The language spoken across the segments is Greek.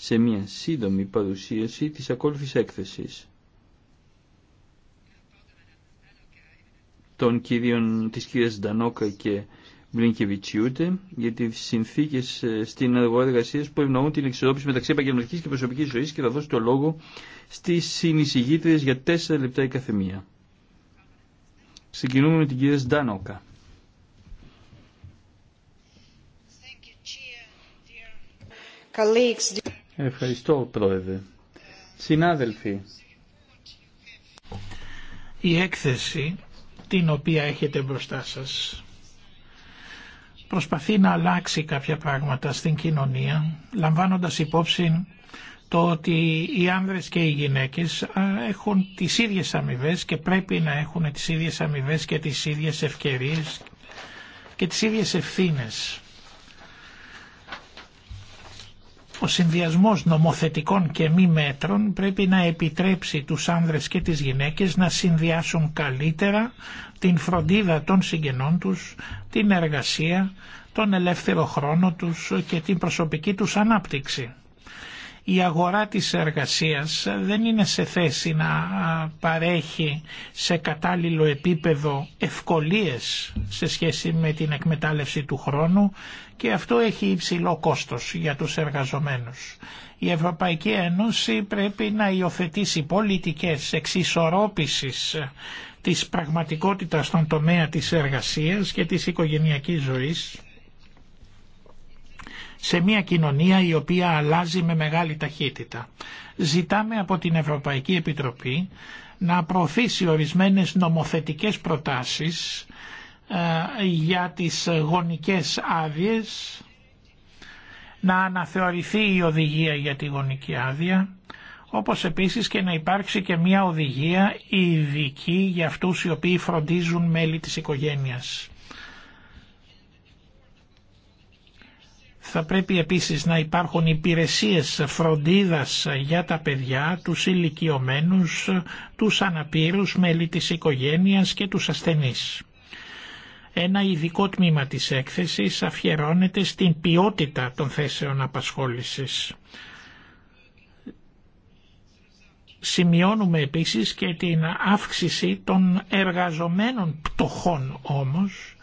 σε μια σύντομη παρουσίαση της ακόλουθης έκθεσης των κυρίων, της κυρίας Ντανόκα και Μπλίνκεβιτσιούτε για τι συνθήκε ε, στην εργοεργασία που ευνοούν την εξισορρόπηση μεταξύ επαγγελματική και προσωπική ζωή και θα δώσω το λόγο στι συνεισηγήτριε για τέσσερα λεπτά η καθεμία. Ξεκινούμε με την κυρία Colleagues, Ευχαριστώ, Πρόεδρε. Συνάδελφοι. Η έκθεση την οποία έχετε μπροστά σας προσπαθεί να αλλάξει κάποια πράγματα στην κοινωνία λαμβάνοντας υπόψη το ότι οι άνδρες και οι γυναίκες έχουν τις ίδιες αμοιβέ και πρέπει να έχουν τις ίδιες αμοιβέ και τις ίδιες ευκαιρίες και τις ίδιες ευθύνες. Ο συνδυασμός νομοθετικών και μη μέτρων πρέπει να επιτρέψει τους άνδρες και τις γυναίκες να συνδυάσουν καλύτερα την φροντίδα των συγγενών τους, την εργασία, τον ελεύθερο χρόνο τους και την προσωπική τους ανάπτυξη η αγορά της εργασίας δεν είναι σε θέση να παρέχει σε κατάλληλο επίπεδο ευκολίες σε σχέση με την εκμετάλλευση του χρόνου και αυτό έχει υψηλό κόστος για τους εργαζομένους. Η Ευρωπαϊκή Ένωση πρέπει να υιοθετήσει πολιτικές εξισορρόπησης της πραγματικότητας στον τομέα της εργασίας και της οικογενειακής ζωής σε μια κοινωνία η οποία αλλάζει με μεγάλη ταχύτητα. Ζητάμε από την Ευρωπαϊκή Επιτροπή να προωθήσει ορισμένες νομοθετικές προτάσεις ε, για τις γονικές άδειες, να αναθεωρηθεί η οδηγία για τη γονική άδεια, όπως επίσης και να υπάρξει και μια οδηγία ειδική για αυτούς οι οποίοι φροντίζουν μέλη της οικογένειας. Θα πρέπει επίσης να υπάρχουν υπηρεσίες φροντίδας για τα παιδιά, τους ηλικιωμένους, τους αναπήρους, μέλη της οικογένειας και τους ασθενείς. Ένα ειδικό τμήμα της έκθεσης αφιερώνεται στην ποιότητα των θέσεων απασχόλησης. Σημειώνουμε επίσης και την αύξηση των εργαζομένων πτωχών όμως,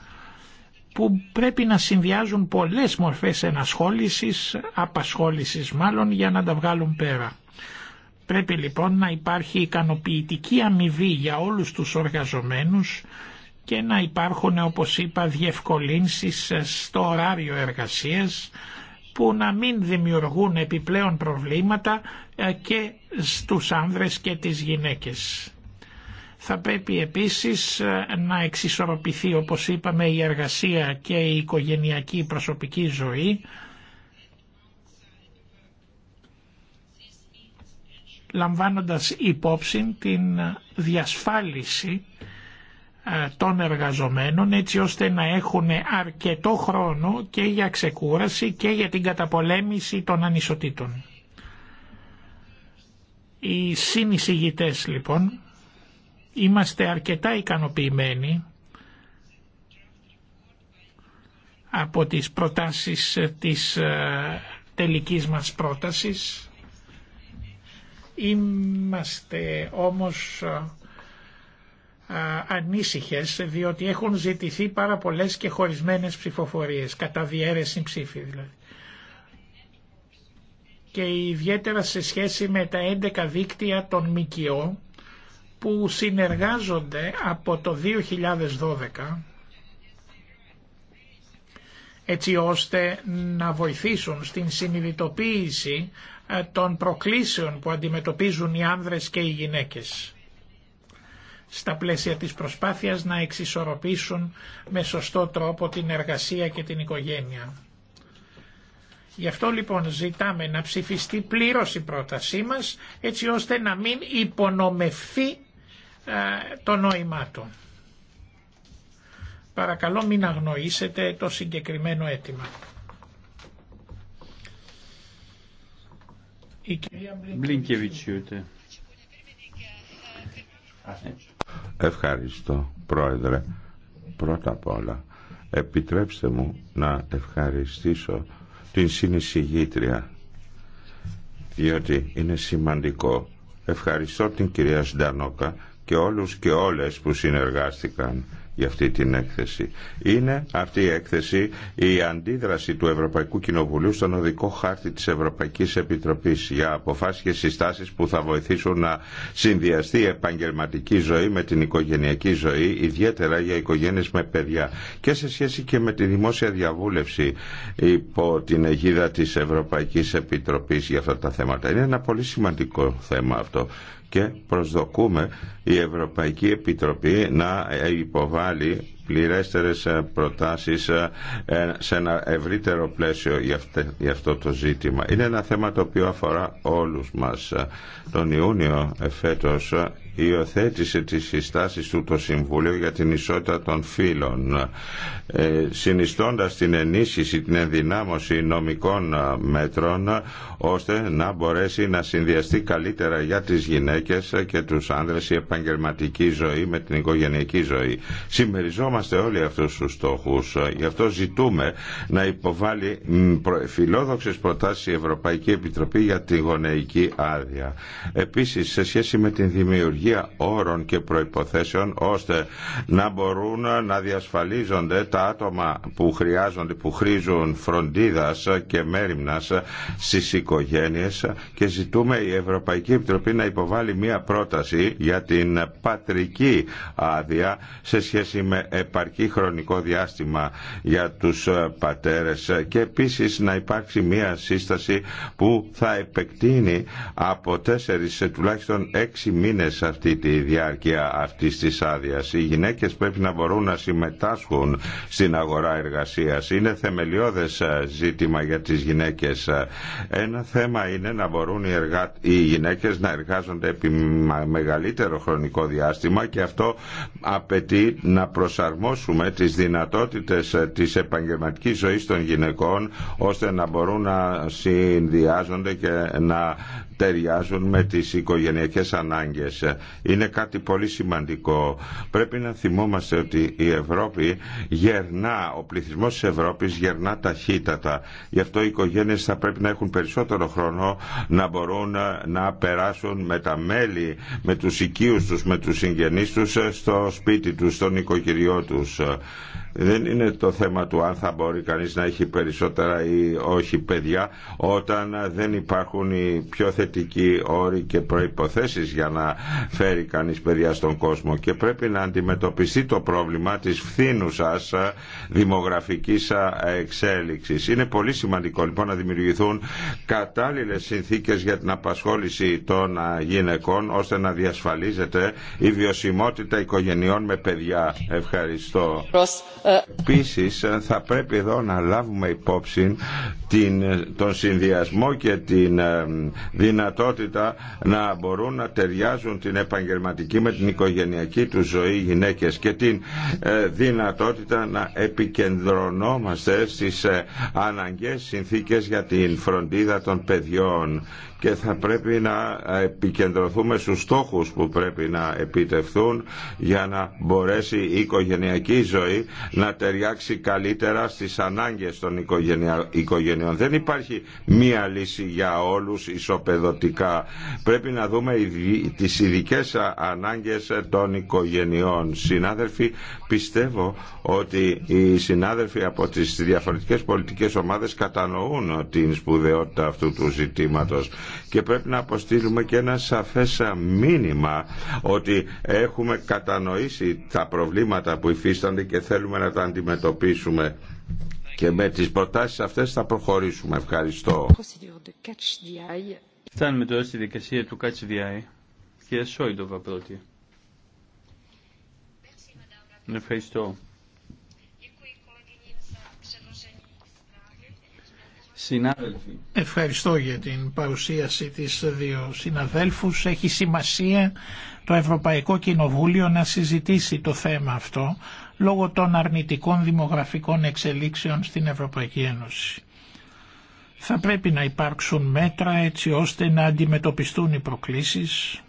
που πρέπει να συνδυάζουν πολλές μορφές ενασχόλησης, απασχόλησης μάλλον, για να τα βγάλουν πέρα. Πρέπει λοιπόν να υπάρχει ικανοποιητική αμοιβή για όλους τους οργαζομένους και να υπάρχουν, όπως είπα, διευκολύνσεις στο ωράριο εργασίας που να μην δημιουργούν επιπλέον προβλήματα ε, και στους άνδρες και τις γυναίκες. Θα πρέπει επίσης ε, να εξισορροπηθεί όπως είπαμε η εργασία και η οικογενειακή προσωπική ζωή λαμβάνοντας υπόψη την διασφάλιση ε, των εργαζομένων έτσι ώστε να έχουν αρκετό χρόνο και για ξεκούραση και για την καταπολέμηση των ανισοτήτων. Οι συνεισηγητές λοιπόν είμαστε αρκετά ικανοποιημένοι από τις προτάσεις της ε, τελικής μας πρότασης. Είμαστε όμως ε, ε, ανήσυχες διότι έχουν ζητηθεί πάρα πολλές και χωρισμένες ψηφοφορίες, κατά διέρεση ψήφι δηλαδή. Και ιδιαίτερα σε σχέση με τα 11 δίκτυα των ΜΚΟ που συνεργάζονται από το 2012 έτσι ώστε να βοηθήσουν στην συνειδητοποίηση ε, των προκλήσεων που αντιμετωπίζουν οι άνδρες και οι γυναίκες στα πλαίσια της προσπάθειας να εξισορροπήσουν με σωστό τρόπο την εργασία και την οικογένεια. Γι' αυτό λοιπόν ζητάμε να ψηφιστεί πλήρως η πρότασή μας έτσι ώστε να μην υπονομευθεί ε, το νόημά του. Παρακαλώ μην αγνοήσετε το συγκεκριμένο αίτημα. Η Ευχαριστώ πρόεδρε. Πρώτα απ' όλα επιτρέψτε μου να ευχαριστήσω την συνεισηγήτρια διότι είναι σημαντικό. Ευχαριστώ την κυρία Σντανόκα και όλους και όλες που συνεργάστηκαν για αυτή την έκθεση. Είναι αυτή η έκθεση η αντίδραση του Ευρωπαϊκού Κοινοβουλίου στον οδικό χάρτη της Ευρωπαϊκής Επιτροπής για αποφάσεις και συστάσεις που θα βοηθήσουν να συνδυαστεί η επαγγελματική ζωή με την οικογενειακή ζωή, ιδιαίτερα για οικογένειες με παιδιά και σε σχέση και με τη δημόσια διαβούλευση υπό την αιγίδα της Ευρωπαϊκής Επιτροπής για αυτά τα θέματα. Είναι ένα πολύ σημαντικό θέμα αυτό και προσδοκούμε η Ευρωπαϊκή Επιτροπή να υποβάλει πληρέστερες ε, προτάσεις ε, ε, σε ένα ευρύτερο πλαίσιο για αυτό το ζήτημα. Είναι ένα θέμα το οποίο αφορά όλους μας. Τον Ιούνιο εφέτος υιοθέτησε τις συστάσεις του το Συμβούλιο για την ισότητα των φύλων συνιστώντας την ενίσχυση, την ενδυνάμωση νομικών μέτρων ώστε να μπορέσει να συνδυαστεί καλύτερα για τις γυναίκες και τους άνδρες η επαγγελματική ζωή με την οικογενειακή ζωή. Είμαστε όλοι αυτούς τους στόχους. Γι' αυτό ζητούμε να υποβάλει φιλόδοξες προτάσεις η Ευρωπαϊκή Επιτροπή για τη γονεϊκή άδεια. Επίσης, σε σχέση με την δημιουργία όρων και προϋποθέσεων, ώστε να μπορούν να διασφαλίζονται τα άτομα που χρειάζονται, που χρήζουν φροντίδας και μέρημνας στις οικογένειες και ζητούμε η Ευρωπαϊκή Επιτροπή να υποβάλει μία πρόταση για την πατρική άδεια σε σχέση με επαρκή χρονικό διάστημα για τους ε, πατέρες και επίσης να υπάρξει μια σύσταση που θα επεκτείνει από τέσσερις σε τουλάχιστον έξι μήνες αυτή τη διάρκεια αυτής της άδεια. Οι γυναίκες πρέπει να μπορούν να συμμετάσχουν στην αγορά εργασίας. Είναι θεμελιώδες ε, ζήτημα για τις γυναίκες. Ένα θέμα είναι να μπορούν οι, εργα... οι γυναίκες να εργάζονται επί μεγαλύτερο χρονικό διάστημα και αυτό απαιτεί να προσαρμοστούν εφαρμόσουμε τις δυνατότητες ε, της επαγγελματικής ζωής των γυναικών ώστε να μπορούν να συνδυάζονται και να ταιριάζουν με τις οικογενειακές ανάγκες. Είναι κάτι πολύ σημαντικό. Πρέπει να θυμόμαστε ότι η Ευρώπη γερνά, ο πληθυσμός της Ευρώπης γερνά ταχύτατα. Γι' αυτό οι οικογένειες θα πρέπει να έχουν περισσότερο χρόνο να μπορούν ε, να περάσουν με τα μέλη, με τους οικείους τους, με τους συγγενείς τους ε, στο σπίτι τους, στον οικογενειό τους ε, δεν είναι το θέμα του αν θα μπορεί κανείς να έχει περισσότερα ή όχι παιδιά όταν δεν υπάρχουν οι πιο θετικοί όροι και προϋποθέσεις για να φέρει κανείς παιδιά στον κόσμο και πρέπει να αντιμετωπιστεί το πρόβλημα της φθήνουσας δημογραφικής εξέλιξης. Είναι πολύ σημαντικό λοιπόν να δημιουργηθούν κατάλληλες συνθήκες για την απασχόληση των γυναικών ώστε να διασφαλίζεται η βιωσιμότητα οικογενειών με παιδιά. Ευχαριστώ. Επίση, θα πρέπει εδώ να λάβουμε υπόψη την, τον συνδυασμό και την ε, δυνατότητα να μπορούν να ταιριάζουν την επαγγελματική με την οικογενειακή του ζωή γυναίκες και την ε, δυνατότητα να επικεντρωνόμαστε στις ε, αναγκαίες συνθήκες για την φροντίδα των παιδιών και θα πρέπει να επικεντρωθούμε στους στόχους που πρέπει να επιτευθούν για να μπορέσει η οικογενειακή ζωή να ταιριάξει καλύτερα στις ανάγκες των οικογενειών. Δεν υπάρχει μία λύση για όλους ισοπεδωτικά. Πρέπει να δούμε τις ειδικέ ανάγκες των οικογενειών. Συνάδελφοι, πιστεύω ότι οι συνάδελφοι από τις διαφορετικές πολιτικές ομάδες κατανοούν την σπουδαιότητα αυτού του ζητήματος και πρέπει να αποστείλουμε και ένα σαφές μήνυμα ότι έχουμε κατανοήσει τα προβλήματα που υφίστανται και θέλουμε να τα αντιμετωπίσουμε και με τις προτάσεις αυτές θα προχωρήσουμε. Ευχαριστώ. Φτάνουμε τώρα στη δικασία του Catch Κύριε Σόιντοβα πρώτη. Ευχαριστώ. Ευχαριστώ για την παρουσίαση της δύο συναδέλφους. Έχει σημασία το Ευρωπαϊκό Κοινοβούλιο να συζητήσει το θέμα αυτό λόγω των αρνητικών δημογραφικών εξελίξεων στην Ευρωπαϊκή Ένωση. Θα πρέπει να υπάρξουν μέτρα έτσι ώστε να αντιμετωπιστούν οι προκλήσεις,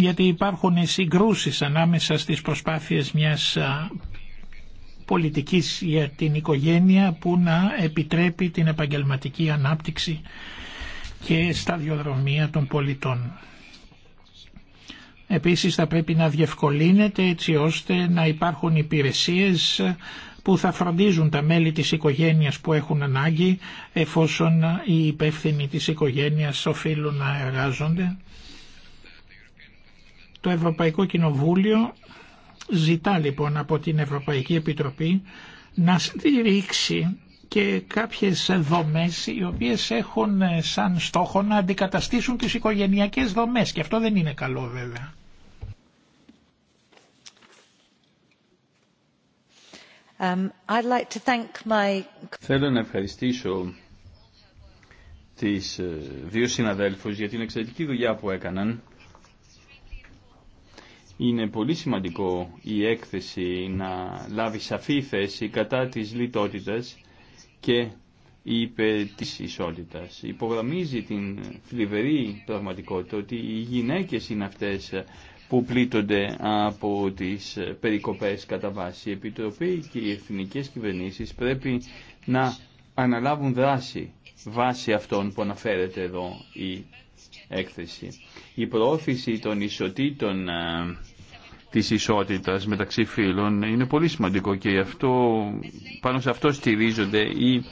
γιατί υπάρχουν συγκρούσεις ανάμεσα στις προσπάθειες μιας πολιτικής για την οικογένεια που να επιτρέπει την επαγγελματική ανάπτυξη και σταδιοδρομία των πολιτών. Επίσης θα πρέπει να διευκολύνεται έτσι ώστε να υπάρχουν υπηρεσίες που θα φροντίζουν τα μέλη της οικογένειας που έχουν ανάγκη εφόσον οι υπεύθυνοι της οικογένειας οφείλουν να εργάζονται το Ευρωπαϊκό Κοινοβούλιο ζητά λοιπόν από την Ευρωπαϊκή Επιτροπή να στηρίξει και κάποιες δομές οι οποίες έχουν ε, σαν στόχο να αντικαταστήσουν τις οικογενειακές δομές και αυτό δεν είναι καλό βέβαια. Um, I'd like to thank my... Θέλω να ευχαριστήσω τις ε, δύο συναδέλφους για την εξαιρετική δουλειά που έκαναν είναι πολύ σημαντικό η έκθεση να λάβει σαφή θέση κατά της λιτότητας και υπέρ της ισότητας. Υπογραμμίζει την θλιβερή πραγματικότητα ότι οι γυναίκες είναι αυτές που πλήττονται από τις περικοπές κατά βάση. Η Επιτροπή και οι εθνικές κυβερνήσεις πρέπει να αναλάβουν δράση βάσει αυτών που αναφέρεται εδώ η έκθεση. Η προώθηση των ισοτήτων ε, της ισότητας μεταξύ φίλων είναι πολύ σημαντικό και αυτό, πάνω σε αυτό στηρίζονται οι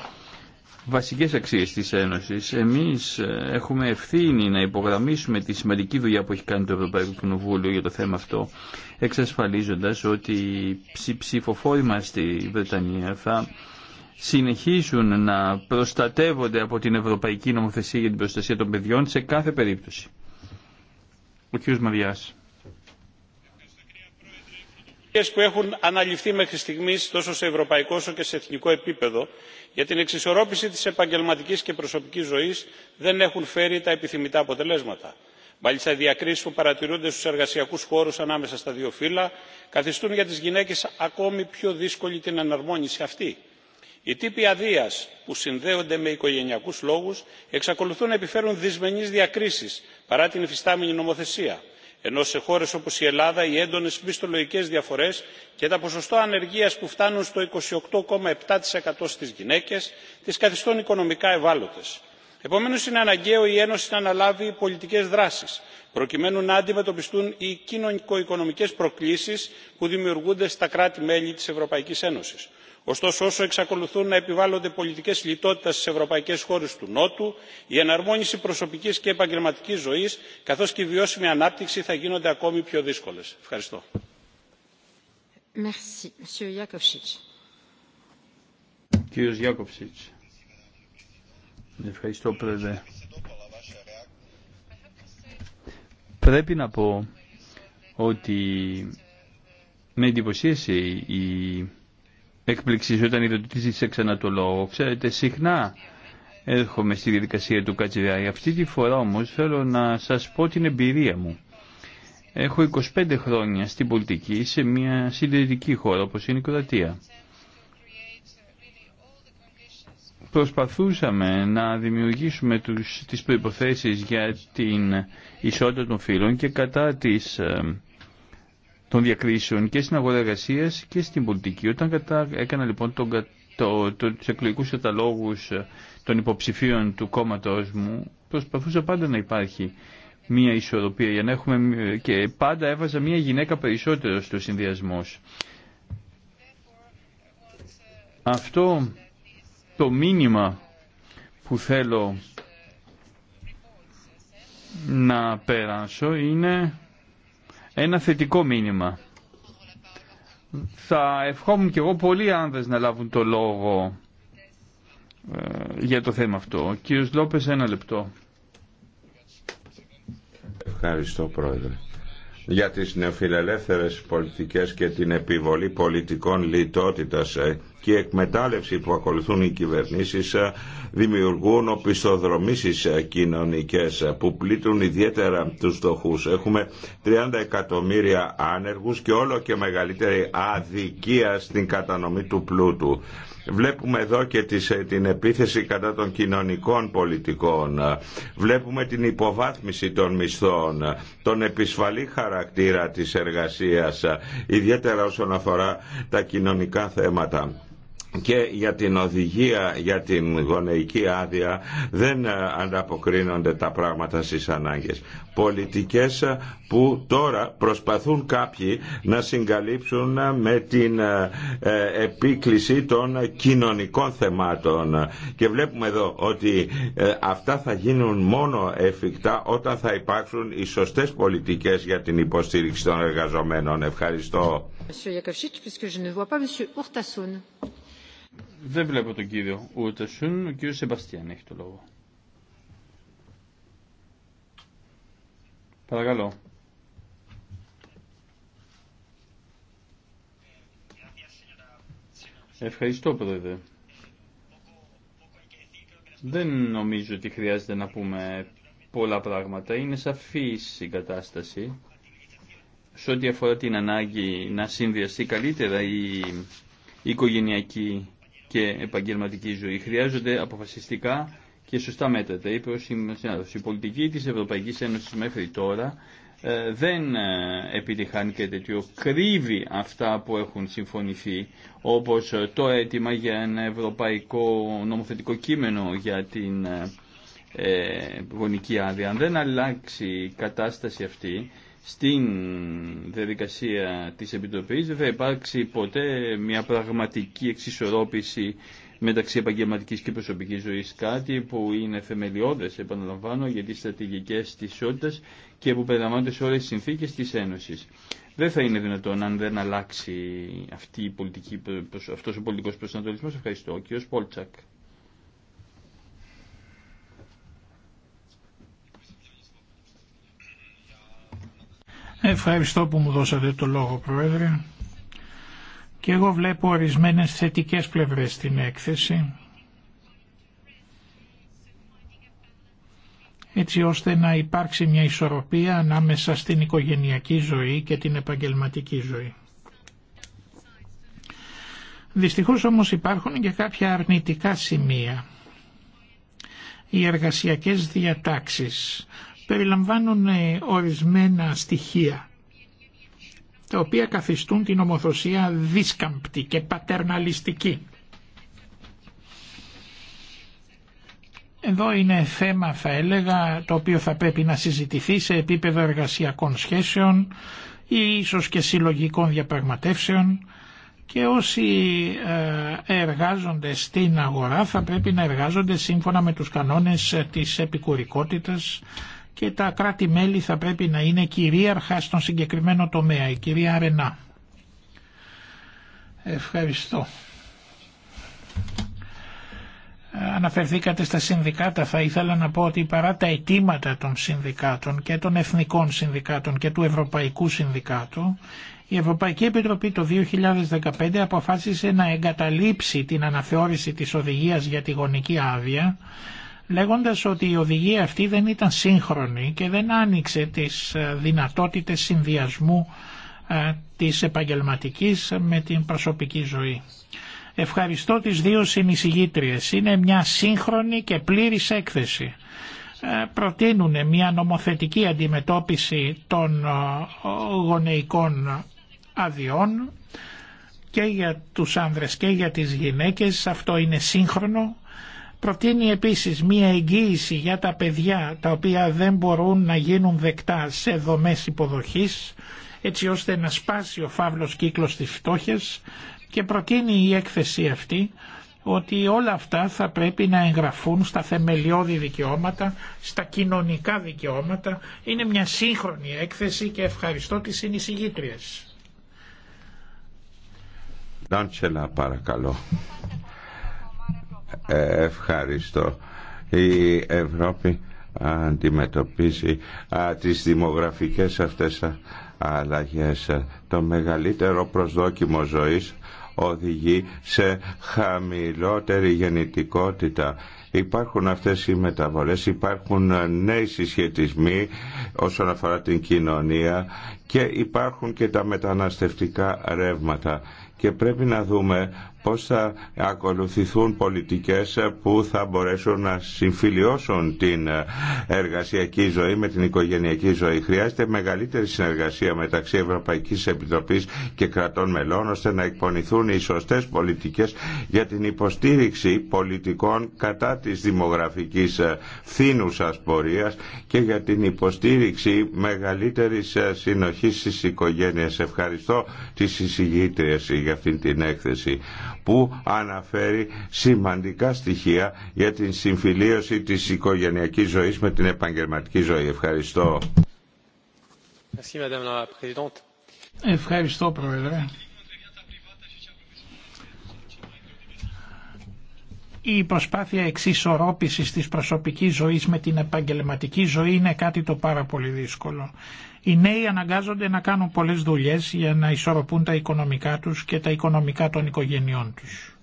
βασικές αξίες της Ένωσης. Εμείς ε, έχουμε ευθύνη να υπογραμμίσουμε τη σημαντική δουλειά που έχει κάνει το Ευρωπαϊκό Κοινοβούλιο για το θέμα αυτό, εξασφαλίζοντας ότι οι ψηφοφόροι μας στη Βρετανία θα συνεχίζουν να προστατεύονται από την Ευρωπαϊκή Νομοθεσία για την Προστασία των Παιδιών σε κάθε περίπτωση. Ο κ. Μαριάς. που έχουν αναλυφθεί μέχρι στιγμή τόσο σε ευρωπαϊκό όσο και σε εθνικό επίπεδο για την εξισορρόπηση τη επαγγελματική και προσωπική ζωή, δεν έχουν φέρει τα επιθυμητά αποτελέσματα. Μάλιστα, οι διακρίσει που παρατηρούνται στου εργασιακού χώρου ανάμεσα στα δύο φύλλα καθιστούν για τι γυναίκε ακόμη πιο δύσκολη την εναρμόνιση αυτή οι τύποι αδεία που συνδέονται με οικογένειακού λόγου, εξακολουθούν να επιφέρουν δυσμενείς διακρίσεις παρά την υφιστάμενη νομοθεσία ενώ σε χώρε όπω η ελλάδα οι έντονε μισθολογικέ διαφορέ και τα ποσοστά ανεργία που φτάνουν στο 28,7 στι γυναίκε, τι καθιστούν οικονομικά ευάλωτε. Επομένω, είναι αναγκαίο η ένωση να αναλάβει πολιτικέ δράσει προκειμένου να αντιμετωπιστούν οι κοινωνικο οικονομικέ προκλήσει που δημιουργούνται στα κράτη μέλη τη Ευρωπαϊκή Ένωση ωστόσο όσο εξακολουθούν να επιβάλλονται πολιτικές λιτότητας στι ευρωπαϊκές χώρες του νότου η εναρμόνιση προσωπικής και επαγγελματική ζωής καθώς και η βιώσιμη ανάπτυξη θα γίνονται ακόμη πιο δύσκολες. ευχαριστώ. Κύριος Γιάκοψιτς. Ευχαριστώ Πρέπει να πω ότι με εντυπωσίασε η Εκπληξίζω όταν είδε ότι ζήτησα το λόγο. Ξέρετε, συχνά έρχομαι στη διαδικασία του Κατζηράη. Αυτή τη φορά όμως θέλω να σας πω την εμπειρία μου. Έχω 25 χρόνια στην πολιτική σε μια συντηρητική χώρα όπως είναι η Κροατία. Προσπαθούσαμε να δημιουργήσουμε τις προϋποθέσεις για την ισότητα των φύλων και κατά της ε, των διακρίσεων και στην αγορά εργασία και στην πολιτική. Όταν κατα... έκανα λοιπόν τον, το, το, τους εκλογικούς καταλόγους ε, των υποψηφίων του κόμματος μου, προσπαθούσα πάντα να υπάρχει μια ισορροπία για να έχουμε... και πάντα έβαζα μια γυναίκα περισσότερο στο συνδυασμό. Αυτό το μήνυμα που θέλω να περάσω είναι ένα θετικό μήνυμα. Θα ευχόμουν κι εγώ πολλοί άνδρες να λάβουν το λόγο ε, για το θέμα αυτό. Ο κύριος Λόπες, ένα λεπτό. Ευχαριστώ, Πρόεδρε για τις νεοφιλελεύθερες πολιτικές και την επιβολή πολιτικών λιτότητας ε, και η εκμετάλλευση που ακολουθούν οι κυβερνήσεις ε, δημιουργούν οπισθοδρομήσεις ε, κοινωνικές που πλήττουν ιδιαίτερα τους στοχούς. Έχουμε 30 εκατομμύρια άνεργους και όλο και μεγαλύτερη αδικία στην κατανομή του πλούτου. Βλέπουμε εδώ και ε, την επίθεση κατά των κοινωνικών πολιτικών. Βλέπουμε την υποβάθμιση των μισθών, τον επισφαλή χαρακτήρα της εργασίας, ιδιαίτερα όσον αφορά τα κοινωνικά θέματα και για την οδηγία για την γονεϊκή άδεια δεν ε, ανταποκρίνονται τα πράγματα στις ανάγκες. Πολιτικές ε, που τώρα προσπαθούν κάποιοι να συγκαλύψουν ε, με την επίκληση των κοινωνικών θεμάτων και βλέπουμε εδώ ότι αυτά θα γίνουν μόνο εφικτά όταν θα υπάρξουν οι σωστές πολιτικές για την υποστήριξη των εργαζομένων. Ευχαριστώ. Δεν βλέπω τον κύριο Ούρτασουν. Ο κύριο Σεμπαστιαν έχει το λόγο. Παρακαλώ. Ευχαριστώ, Πρόεδρε. Δεν νομίζω ότι χρειάζεται να πούμε πολλά πράγματα. Είναι σαφή η κατάσταση. Σε ό,τι αφορά την ανάγκη να συνδυαστεί καλύτερα η οικογενειακή και επαγγελματική ζωή. Χρειάζονται αποφασιστικά και σωστά μέτρα. Τα είπε ο Η πολιτική της Ευρωπαϊκής Ένωσης μέχρι τώρα ε, δεν ε, επιτυχάνει και τέτοιο. Κρύβει αυτά που έχουν συμφωνηθεί, όπως ε, το αίτημα για ένα ευρωπαϊκό νομοθετικό κείμενο για την γονική άδεια. Αν δεν αλλάξει η κατάσταση αυτή, στην διαδικασία της Επιτροπής δεν θα υπάρξει ποτέ μια πραγματική εξισορρόπηση μεταξύ επαγγελματικής και προσωπικής ζωής κάτι που είναι θεμελιώδες επαναλαμβάνω για τις στρατηγικές της ισότητας και που περιλαμβάνονται σε όλες τις συνθήκες της Ένωσης. Δεν θα είναι δυνατόν αν δεν αλλάξει αυτή η πολιτική, αυτός ο πολιτικός προσανατολισμός. Ευχαριστώ. Κύριος Πόλτσακ. Ευχαριστώ που μου δώσατε το λόγο Πρόεδρε. Και εγώ βλέπω ορισμένες θετικές πλευρές στην έκθεση. έτσι ώστε να υπάρξει μια ισορροπία ανάμεσα στην οικογενειακή ζωή και την επαγγελματική ζωή. Δυστυχώς όμως υπάρχουν και κάποια αρνητικά σημεία. Οι εργασιακές διατάξεις περιλαμβάνουν ε, ορισμένα στοιχεία τα οποία καθιστούν την ομοθοσία δίσκαμπτη και πατερναλιστική. Εδώ είναι θέμα θα έλεγα το οποίο θα πρέπει να συζητηθεί σε επίπεδο εργασιακών σχέσεων ή ίσως και συλλογικών διαπραγματεύσεων και όσοι ε, εργάζονται στην αγορά θα πρέπει να εργάζονται σύμφωνα με τους κανόνες ε, της επικουρικότητας και τα κράτη-μέλη θα πρέπει να είναι κυρίαρχα στον συγκεκριμένο τομέα. Η κυρία Αρενά. Ευχαριστώ. Αναφερθήκατε στα συνδικάτα. Θα ήθελα να πω ότι παρά τα αιτήματα των συνδικάτων και των εθνικών συνδικάτων και του Ευρωπαϊκού Συνδικάτου, η Ευρωπαϊκή Επιτροπή το 2015 αποφάσισε να εγκαταλείψει την αναθεώρηση της οδηγίας για τη γονική άδεια λέγοντας ότι η οδηγία αυτή δεν ήταν σύγχρονη και δεν άνοιξε τις ε, δυνατότητες συνδυασμού ε, της επαγγελματικής με την προσωπική ζωή. Ευχαριστώ τις δύο συνεισηγήτριες. Είναι μια σύγχρονη και πλήρης έκθεση. Ε, Προτείνουν μια νομοθετική αντιμετώπιση των γονεϊκών αδειών και για τους άνδρες και για τις γυναίκες. Αυτό είναι σύγχρονο Προτείνει επίσης μία εγγύηση για τα παιδιά τα οποία δεν μπορούν να γίνουν δεκτά σε δομές υποδοχής έτσι ώστε να σπάσει ο φαύλος κύκλος της φτώχειας και προτείνει η έκθεση αυτή ότι όλα αυτά θα πρέπει να εγγραφούν στα θεμελιώδη δικαιώματα, στα κοινωνικά δικαιώματα. Είναι μια σύγχρονη έκθεση και ευχαριστώ τις συνεισηγήτριες. Ευχαριστώ. Η Ευρώπη αντιμετωπίζει τις δημογραφικές αυτές αλλαγές. Το μεγαλύτερο προσδόκιμο ζωής οδηγεί σε χαμηλότερη γεννητικότητα. Υπάρχουν αυτές οι μεταβολές, υπάρχουν νέοι συσχετισμοί όσον αφορά την κοινωνία και υπάρχουν και τα μεταναστευτικά ρεύματα και πρέπει να δούμε πώς θα ακολουθηθούν πολιτικές που θα μπορέσουν να συμφιλιώσουν την εργασιακή ζωή με την οικογενειακή ζωή. Χρειάζεται μεγαλύτερη συνεργασία μεταξύ Ευρωπαϊκής Επιτροπής και κρατών μελών ώστε να εκπονηθούν οι σωστές πολιτικές για την υποστήριξη πολιτικών κατά της δημογραφικής φθήνουσας πορείας και για την υποστήριξη μεγαλύτερης συνοχής στις οικογένειες. Ευχαριστώ τις εισηγήτριες για αυτήν την έκθεση που αναφέρει σημαντικά στοιχεία για την συμφιλίωση της οικογενειακής ζωής με την επαγγελματική ζωή. Ευχαριστώ. Ευχαριστώ Πρόεδρε. Η προσπάθεια εξισορρόπησης της προσωπικής ζωής με την επαγγελματική ζωή είναι κάτι το πάρα πολύ δύσκολο. Οι νέοι αναγκάζονται να κάνουν πολλές δουλειές για να ισορροπούν τα οικονομικά τους και τα οικονομικά των οικογενειών τους.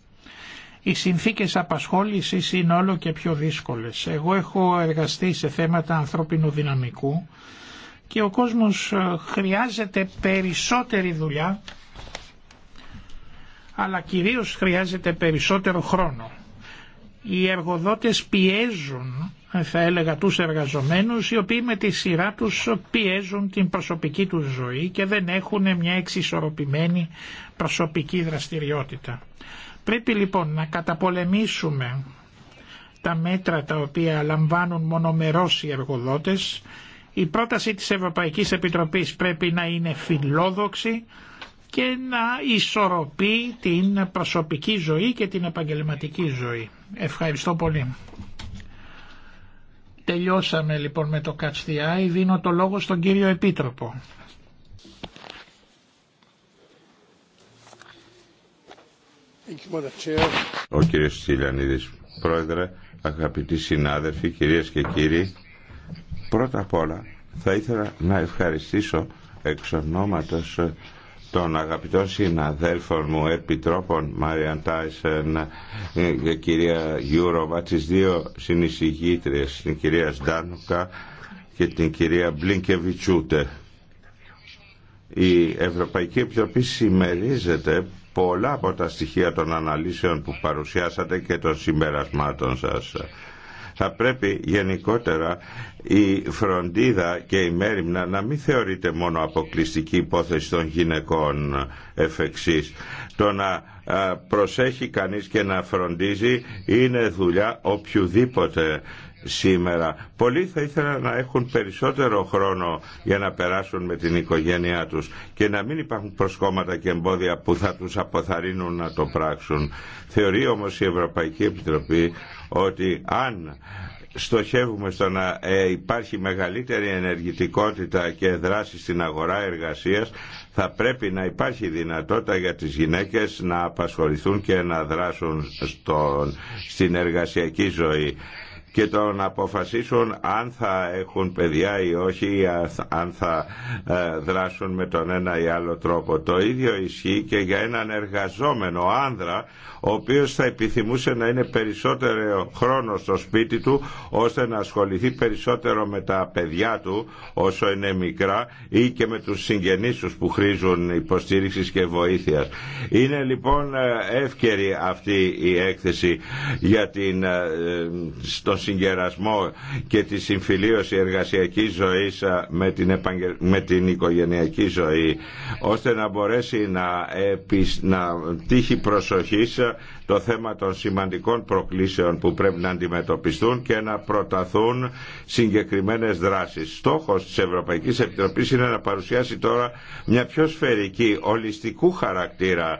Οι συνθήκες απασχόλησης είναι όλο και πιο δύσκολες. Εγώ έχω εργαστεί σε θέματα ανθρώπινου δυναμικού και ο κόσμος ε, χρειάζεται περισσότερη δουλειά αλλά κυρίως χρειάζεται περισσότερο χρόνο οι εργοδότες πιέζουν θα έλεγα τους εργαζομένους οι οποίοι με τη σειρά τους πιέζουν την προσωπική τους ζωή και δεν έχουν μια εξισορροπημένη προσωπική δραστηριότητα. Πρέπει λοιπόν να καταπολεμήσουμε τα μέτρα τα οποία λαμβάνουν μονομερώς οι εργοδότες. Η πρόταση της Ευρωπαϊκής Επιτροπής πρέπει να είναι φιλόδοξη, και να ισορροπεί την προσωπική ζωή και την επαγγελματική ζωή. Ευχαριστώ πολύ. Τελειώσαμε λοιπόν με το Catch the Δίνω το λόγο στον κύριο Επίτροπο. Ο κύριος Τσίλιανιδης, πρόεδρε, αγαπητοί συνάδελφοι, κυρίες και κύριοι, πρώτα απ' όλα θα ήθελα να ευχαριστήσω εξ ονόματος των αγαπητών συναδέλφων μου επιτρόπων Μάριαν Τάισεν και ε, κυρία Γιούροβα τις δύο συνεισηγήτριες την κυρία Σντάνουκα και την κυρία Μπλίνκεβιτσούτε η Ευρωπαϊκή Επιτροπή συμμερίζεται πολλά από τα στοιχεία των αναλύσεων που παρουσιάσατε και των συμπερασμάτων σας θα πρέπει γενικότερα η φροντίδα και η μέρημνα να μην θεωρείται μόνο αποκλειστική υπόθεση των γυναικών εφεξής, Το να προσέχει κανείς και να φροντίζει είναι δουλειά οποιοδήποτε σήμερα. Πολλοί θα ήθελαν να έχουν περισσότερο χρόνο για να περάσουν με την οικογένειά τους και να μην υπάρχουν προσκόμματα και εμπόδια που θα τους αποθαρρύνουν να το πράξουν. Θεωρεί όμως η Ευρωπαϊκή Επιτροπή ότι αν στοχεύουμε στο να ε, υπάρχει μεγαλύτερη ενεργητικότητα και δράση στην αγορά εργασίας θα πρέπει να υπάρχει δυνατότητα για τις γυναίκες να απασχοληθούν και να δράσουν στην εργασιακή ζωή και το αποφασίσουν αν θα έχουν παιδιά ή όχι ή αν θα ε, δράσουν με τον ένα ή άλλο τρόπο. Το ίδιο ισχύει και για έναν εργαζόμενο άνδρα ο οποίος θα επιθυμούσε να είναι περισσότερο χρόνο στο σπίτι του ώστε να ασχοληθεί περισσότερο με τα παιδιά του όσο είναι μικρά ή και με τους συγγενείς τους που χρήζουν υποστήριξης και βοήθειας. Είναι λοιπόν ε, εύκαιρη αυτή η έκθεση για την, ε, στο συγκερασμό και τη συμφιλίωση εργασιακής ζωής με την, με την οικογενειακή ζωή ώστε να μπορέσει να, να τύχει προσοχής το θέμα των σημαντικών προκλήσεων που πρέπει να αντιμετωπιστούν και να προταθούν συγκεκριμένες δράσεις. Στόχος της Ευρωπαϊκής Επιτροπής είναι να παρουσιάσει τώρα μια πιο σφαιρική, ολιστικού χαρακτήρα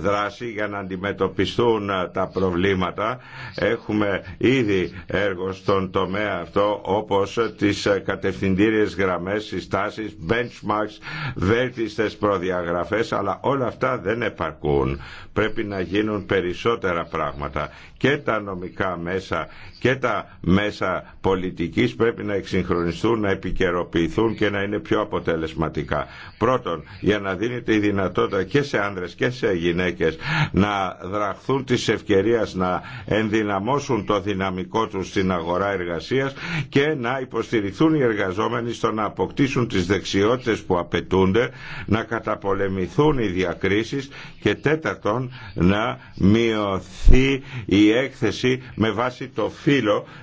δράση για να αντιμετωπιστούν τα προβλήματα. Έχουμε ήδη έργο στον τομέα αυτό όπως τις κατευθυντήριες γραμμές, συστάσεις, benchmarks, βέλτιστες προδιαγραφές αλλά όλα αυτά δεν επαρκούν. Πρέπει να γίνουν περισσότερα πράγματα και τα νομικά μέσα και τα μέσα πολιτικής πρέπει να εξυγχρονιστούν, να επικαιροποιηθούν και να είναι πιο αποτελεσματικά. Πρώτον, για να δίνεται η δυνατότητα και σε άνδρες και σε γυναίκες να δραχθούν της ευκαιρίας να ενδυναμώσουν το δυναμικό τους στην αγορά εργασίας και να υποστηριχθούν οι εργαζόμενοι στο να αποκτήσουν τις δεξιότητες που απαιτούνται, να καταπολεμηθούν οι διακρίσεις και τέταρτον να μειωθεί η έκθεση με βάση το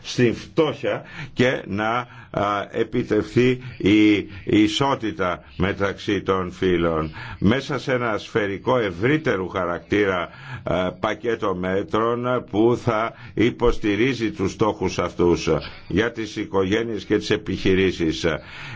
στην φτώχεια και να επιτευχθεί η ισότητα μεταξύ των φύλων. Μέσα σε ένα σφαιρικό ευρύτερου χαρακτήρα πακέτο μέτρων που θα υποστηρίζει τους στόχους αυτούς για τις οικογένειες και τις επιχειρήσεις.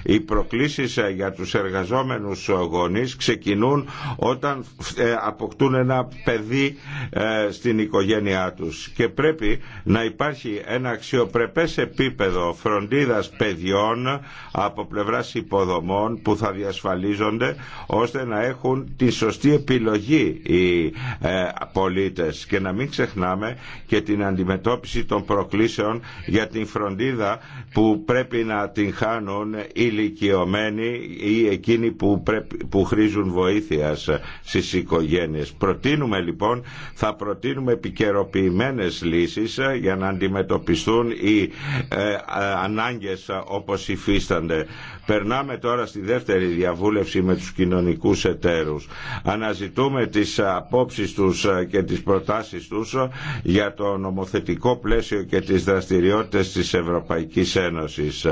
Οι προκλήσεις για τους εργαζόμενους γονείς ξεκινούν όταν ε, αποκτούν ένα παιδί ε, στην οικογένειά τους και πρέπει να υπάρχει ένα αξιοπρεπές επίπεδο φροντίδας παιδιών από πλευράς υποδομών που θα διασφαλίζονται ώστε να έχουν τη σωστή επιλογή οι ε, πολίτες και να μην ξεχνάμε και την αντιμετώπιση των προκλήσεων για την φροντίδα που πρέπει να την χάνουν ηλικιωμένοι ή εκείνοι που, πρέπει, που χρήζουν βοήθειας στις οικογένειες. Προτείνουμε λοιπόν, θα προτείνουμε επικαιροποιημένες λύσεις για να αντιμετωπίσουμε αντιμετωπιστούν οι ε, ε, ανάγκες όπως υφίστανται. Περνάμε τώρα στη δεύτερη διαβούλευση με τους κοινωνικούς εταίρους. Αναζητούμε τις απόψεις τους και τις προτάσεις τους για το νομοθετικό πλαίσιο και τις δραστηριότητες της Ευρωπαϊκής Ένωσης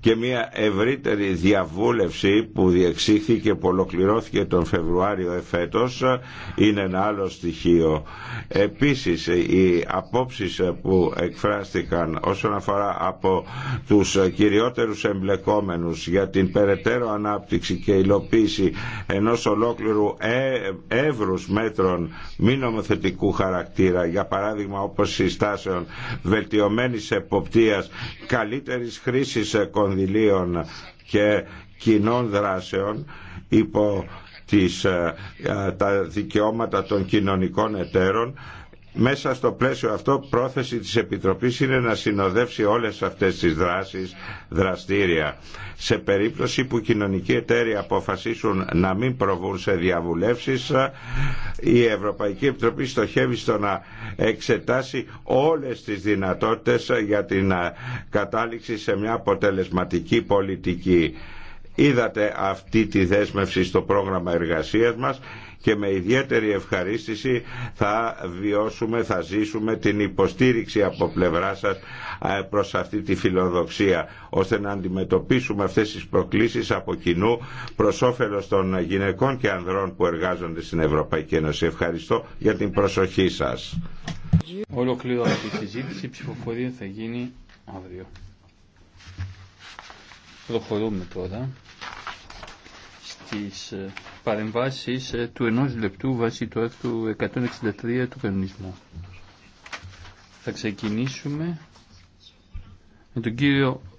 και μια ευρύτερη διαβούλευση που διεξήχθηκε που ολοκληρώθηκε τον Φεβρουάριο εφέτος είναι ένα άλλο στοιχείο. Επίσης οι απόψεις που εκφράστηκαν όσον αφορά από τους κυριότερους εμπλεκόμενους για την περαιτέρω ανάπτυξη και υλοποίηση ενός ολόκληρου ε, εύρους μέτρων μη νομοθετικού χαρακτήρα για παράδειγμα όπως συστάσεων βελτιωμένης εποπτείας καλύτερης χρήσης κονδυλίων και κοινών δράσεων υπό τις, ε, τα δικαιώματα των κοινωνικών εταίρων μέσα στο πλαίσιο αυτό πρόθεση της Επιτροπής είναι να συνοδεύσει όλες αυτές τις δράσεις δραστήρια. Σε περίπτωση που κοινωνικοί εταίροι αποφασίσουν να μην προβούν σε διαβουλεύσεις, η Ευρωπαϊκή Επιτροπή στοχεύει στο να εξετάσει όλες τις δυνατότητες για την ε, κατάληξη σε μια αποτελεσματική πολιτική. Είδατε αυτή τη δέσμευση στο πρόγραμμα εργασίας μας και με ιδιαίτερη ευχαρίστηση θα βιώσουμε, θα ζήσουμε την υποστήριξη από πλευρά σας ε, προς αυτή τη φιλοδοξία ώστε να αντιμετωπίσουμε αυτές τις προκλήσεις από κοινού προς όφελος των γυναικών και ανδρών που εργάζονται στην Ευρωπαϊκή Ένωση. Ευχαριστώ για την προσοχή σας. Ολοκληρώνεται η συζήτηση. Η ψηφοφορία θα γίνει αύριο. Προχωρούμε τώρα τις ε, παρεμβάσεις ε, του ενός λεπτού βάσει του άρθρου 163 του κανονισμού. Θα ξεκινήσουμε με τον κύριο